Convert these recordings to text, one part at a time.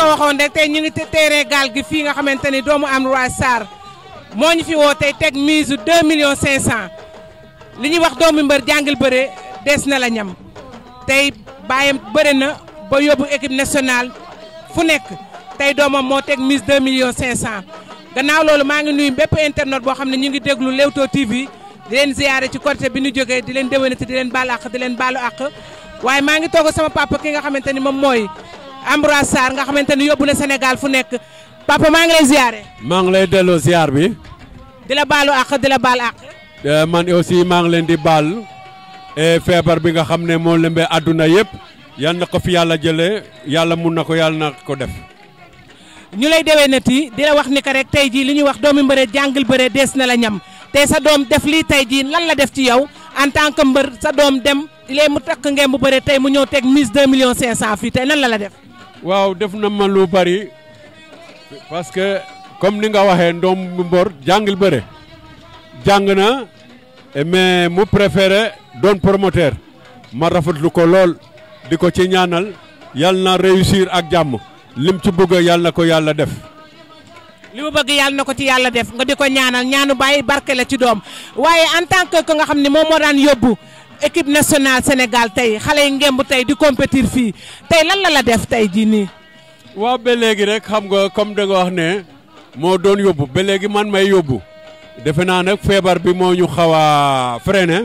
ko waxoon rek tey ñu ngi teeree gaal gi fii nga xamante ni doomu Ambroise Sarr moo ñu fi woo tey teg mise 2 millions 500 li ñuy wax doomu mbër jàngil bëre des na la ñam tey bàyyam bëre na ba yóbbu équipe nationale fu nekk tey doomam moo teg mise 2 millions 500. gannaaw loolu maa ngi nuy bépp internet boo xam ne ñu ngi déglu Leewtoo TV di leen ziyaare ci Korité bi ñu jógee di leen déwénati di leen baal àq di leen baalu àq waaye maa ngi toog sama papa ki nga xamante ni moom mooy. Ambroise Sarr nga xamante ni yóbbu na Sénégal fu nekk papa maa ngi lay ziare. maa ngi lay delloo ziar bi. di la baalu àq di la baal àq. Eh, man aussi maa ngi leen di baal eh, feebar bi nga xam ne moo lëmbee àdduna yëpp yal na ko fi yàlla jëlee yàlla mun na ko yàlla na ko def. ñu lay déwénati di la wax ni que rek tey jii li ñuy wax doomi mbëre jàngal bëre dees na la ñam tey sa doom def lii tey jii nan la def ci yow en tant que mbër sa doom dem léegi mu takk ngeen bu bëre tey mu ñëw teg mise 2 millions fii tey nan la la def. waaw def na ma lu bari parce que comme ni nga waxee ndoom mboor jàngil bare jàng na mais mu préféré doon promoteur ma rafetlu ko lool di ko ci ñaanal yal na réussir ak jàmm lim ci bëgg yal na ko yàlla def. li mu bëgg yàlla na ko ci yàlla def nga di ko ñaanal ñaanu bàyyi barke la ci doom waaye en tant que nga xam ne moom daan yóbbu. équipe nationale Sénégal tey xale yi ngemb tey di compétir fii tey lan la la def tey jii nii. waaw ba léegi rek xam nga comme danga wax ne moo doon yóbbu ba léegi man may yóbbu defe naa nag feebar bi moo ñu xaw a freiné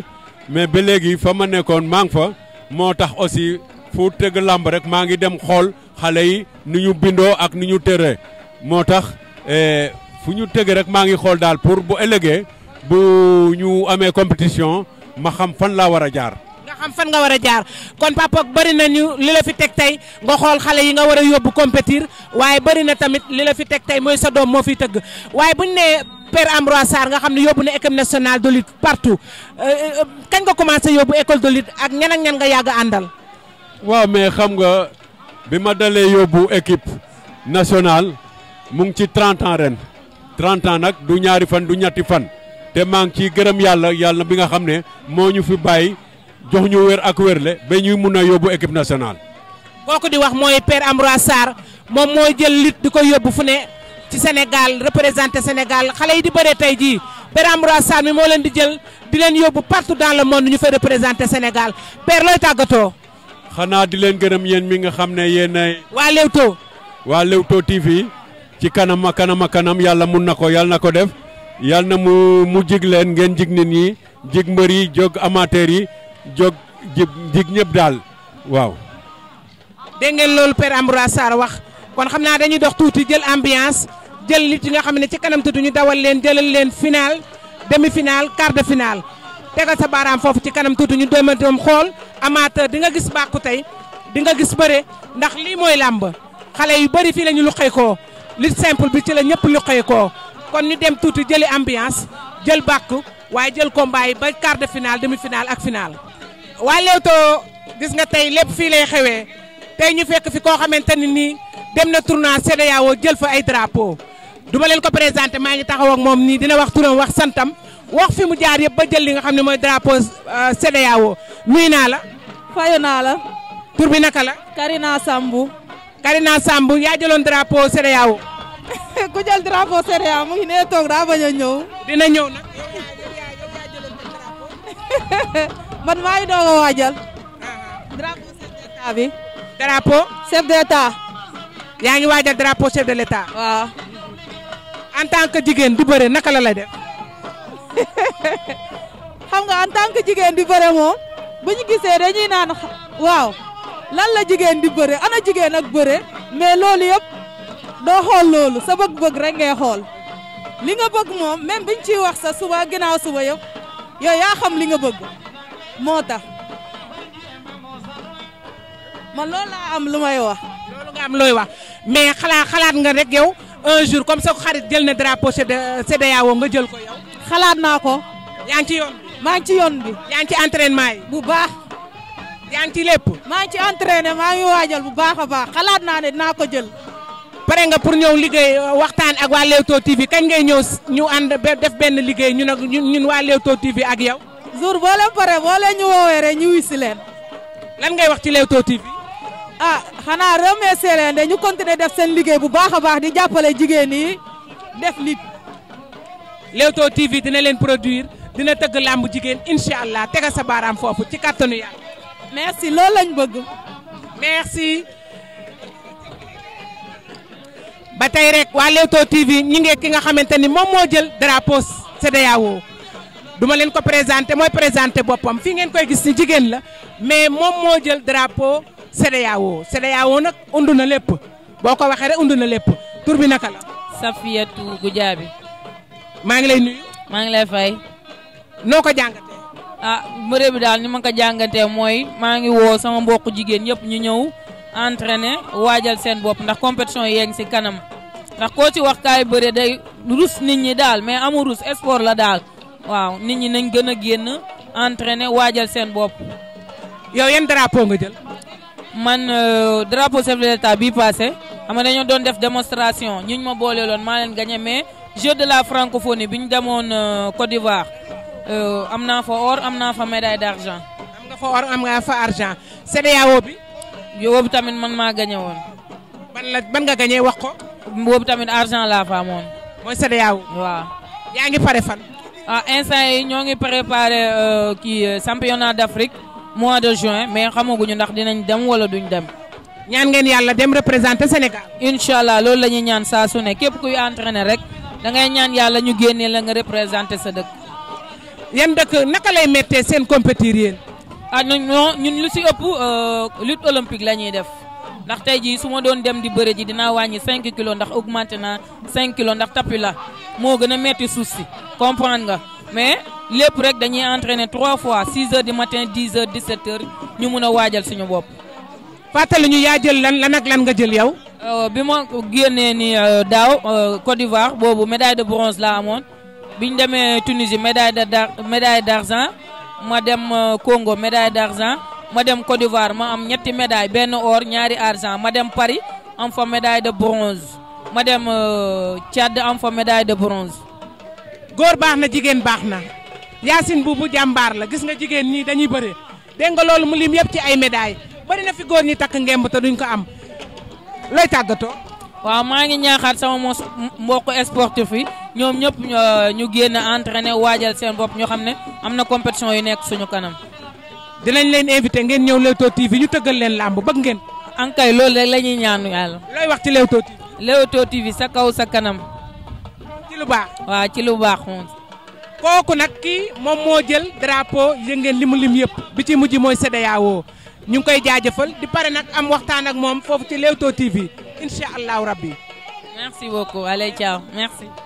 mais ba léegi fa ma nekkoon maa ngi fa moo tax aussi fu tëgg làmb rek maa ngi dem xool xale yi nu ñu bindoo ak nu ñu tëree moo tax eh, fu ñu tëgg rek maa ngi xool daal pour bu ëllëgee bu ñu amee compétition. ma xam fan laa war a jaar. nga xam fan nga war a jaar kon papa bëri nañu li la fi teg tey nga xool xale yi nga war a yóbbu compétir waaye bëri na tamit li la fi teg tey mooy sa doom moo fi tëgg waaye buñ nee Père Ambroise Sarr nga xam ne yóbbu na équipe nationale de lutte partout euh, euh, kañ nga commencé yóbbu école de ak ñan ak nga yàgg àndal. waaw mais xam nga bi ma dalee yóbbu équipe nationale mu ngi ci 30 ans ren 30 ans nag du ñaari fan du ñetti fan. te maa ngi ciy gërëm yàlla yàlla bi nga xam ne moo ñu fi bàyyi jox ñu wér ak wérle ba ñuy mun a yóbbu équipe nationale. ko di wax mooy Père Ambroise Sarr moom mooy jël lutte di ko yóbbu fu ne ci Sénégal représenté Sénégal xale yi di bëree tey jii Père Ambroise Sarr mi moo leen di jël di leen yóbbu partout dans le monde ñu fay représenté Sénégal Père looy tàggatoo. xanaa di leen gërëm yéen mi nga xam ne yéenay. waa Leewtoo. waa Leewtoo TV ci kanam kanam kanam yàlla mun na ko yàlla na ko def. yal na mu mu jig leen ngeen jig nit ñi jig mbër yi jóg amateur yi jóg jib jig ñëpp daal waaw. dégg ngeen loolu Père Ambroise Sarr wax kon xam naa dañuy dox tuuti jël ambiance jël nit yi nga xam ne ci kanam tuuti ñu dawal leen jëlal leen final demi final quart de finale. tegal sa baaraam foofu ci kanam tuuti ñu doom doom xool amateur di nga gis bàkku tey di nga gis bëre ndax lii mooy làmb xale yu bëri fii la ñu luqeekoo lutte simple bi ci la ñëpp luqeekoo. kon ñu dem tuuti jëli ambiance jël bàkk waaye jël combat ba quart de finale demi finale ak finale. waa Leewtoo gis nga tey lépp fii lay xewee tey ñu fekk fi koo xamante ne nii dem na tournoi CEDEAO jël fa ay drapeau duma leen ko présenté maa ngi taxaw ak moom nii dina wax turam wax santam wax fi mu jaar yëpp ba jël li nga xam ne mooy drapeau euh, CEDEAO nuyu naa la. fayu naa la. tur bi naka la. Karina Sambu. Karina Sambu yaa jëloon drapeau CEDEAO. ku jël drapeau Sénégal mu ngi nee toog daa bañ a ñëw. dina ñëw nag. man maa ngi doog a waajal. Ah. drapeau chef d' bi. drapeau. chef d' yaa ngi waajal drapeau chef de l' waaw. en tant que jigéen di bëre naka la lay def. xam nga en tant di bëre moom bu ñu gisee dañuy naan waaw lan la jigéen di bëre ana jigéen ak bëre mais loolu yëpp. doo xool loolu sa bëgg-bëgg rek ngay xool li nga bëgg moom même biñ ciy wax sa suba ginnaaw suba yëpp yow yaa xam li nga bëgg moo tax man loolu laa am lu may wax. loolu looy wax mais xalaat xalaat nga rek yow un jour comme sa xarit jël na drapeau woo nga jël ko yow. xalaat naa ko. yaa ngi ci yoon bi. maa ngi ci yoon bi. yaa ngi ci entraînement yi. bu baax. yaa ngi ci lépp. maa ngi ci entraîné maa ngi waajal bu baax a baax xalaat naa ne dinaa ko jël. pare nga pour ñëw liggéey euh, waxtaan ak waa Leewtoo TV kañ ngay ñëw ñu ànd def benn liggéey ñun ak ñun waa Leewtoo TV ak yow. jour boo leen pare boo leen ñu woowee rek ñu wisi leen. lan ngay wax ci Leewtoo TV. ah xanaa remercier leen de ñu continuer def seen liggéey bu baax a baax di jàppale jigéen yi def nit. Leewtoo TV dina leen produire dina tëgg làmb jigéen incha allah tega sa baaraam foofu ci kattanu yàlla. merci loolu lañ bëgg. merci. ba tey rek waa Leewtoo TV ñi ngi ki nga xamante ni moom moo jël drapeau CEDEAO duma leen ko présenté mooy présenté boppam fii ngeen koy gis ni jigéen la mais moom moo jël drapo CEDEAO CEDEAO nag undu na lépp boo ko waxee rek undu na lépp tur bi naka la. Safiatou Goudiaby. maa ngi lay nuyu. maa ngi lay fay. noo ko jàngatee. a ah, ma bi daal ni ma ko jàngatee mooy maa ngi woo sama mbokku jigéen yëpp ñu ñëw. entraîner waajal seen bopp ndax compétition yeeg si kanam ndax koo ci wax kaay bëre day rus nit ñi daal mais amu rus sport la daal waaw nit ñi nañ gën a génn entraîner waajal seen bopp. yow yan drapeau nga jël. man euh, drapeau chef de l'état bii passé xam nga dañoo doon def démonstration ñu ma boole loon maa leen gagné mais jeu de la francophonie bi ñu demoon euh, Côte d'Ivoire euh, am naa fa or am naa fa médaille d'argent. am nga fa or am nga fa argent CEDEAO bi. boobu tamit man maa gagné woon. ban ban nga gagné wax ko. boobu tamit argent laa fa amoon. mooy CEDEAO. waaw. yaa ngi pare fan. ah instant yi ñoo ngi préparé euh, kii euh, championnat d'Afrique mois de juin mais xamaguñu ndax dinañ dem wala duñ dem. ñaan ngeen yàlla dem représenter Sénégal. incha allah loolu la ñuy ñaan saa su képp kuy entraîné rek dangay ñaan yàlla ñu génnee la nga représenté sa dëkk. yan dëkk naka lay méttee seen compétir yéen. ah non ñun lu si ëpp euh, lute olympique la ñuy def ndax tey jii su ma doon dem di bëre ji dinaa wàññi 5 kilos ndax augmenté naa 5 kilos ndax tapis la moo gën a metti suuf si comprendre nga mais lépp rek dañuy ne trois fois 6 heures du matin 10 heures 17 heures ñu mun a waajal suñu bopp. fàttali ñu yaa jël lan lan ak lan nga jël yow. Euh, bi ma génnee ni euh, daaw Côte d'Ivoire boobu médaille de bronze la amoon bi ñu demee Tunisie médaille de médaille d'argent ma dem euh, Congo médaille d'argent ma dem Côte d'Ivoire ma am ñetti médaille benn or ñaari argent ma dem Paris am fa de bronze ma dem euh, Tchad am fa médaille de bronze. góor baax na jigéen baax na Yacine Boubou jàmbaar la gis nga jigéen ñi dañuy bëri dégg nga loolu mu lim yëpp ci ay médailles bëri na fi góor ñi takk ngemb te duñ ko am looy tàggatoo. waaw maa ngi ñaaxaat sama moos mbokk sportif yi ñoom ñëpp euh, ñu génn entraîné waajal seen bopp ñu xam ne am na compétition yu nekk suñu kanam. dinañ leen invité ngeen ñëw Leewtoo TV ñu tëggal leen làmb bëgg ngeen. ankay loolu rek la ñuy ñaanu yàlla. looy wax ci Leewtoo TV. Leewtoo TV sa kaw sa kanam. ci lu baax. waaw ci lu baax moom. kooku nag kii moom moo jël drapeau yëngeen limu lim yëpp bi ci mujj mooy CEDEAO ñu ngi koy jaajëfal di pare nag am waxtaan ak moom foofu ci Leewtoo TV. incha allahu rabbi merci beaucoup Allez ciao merci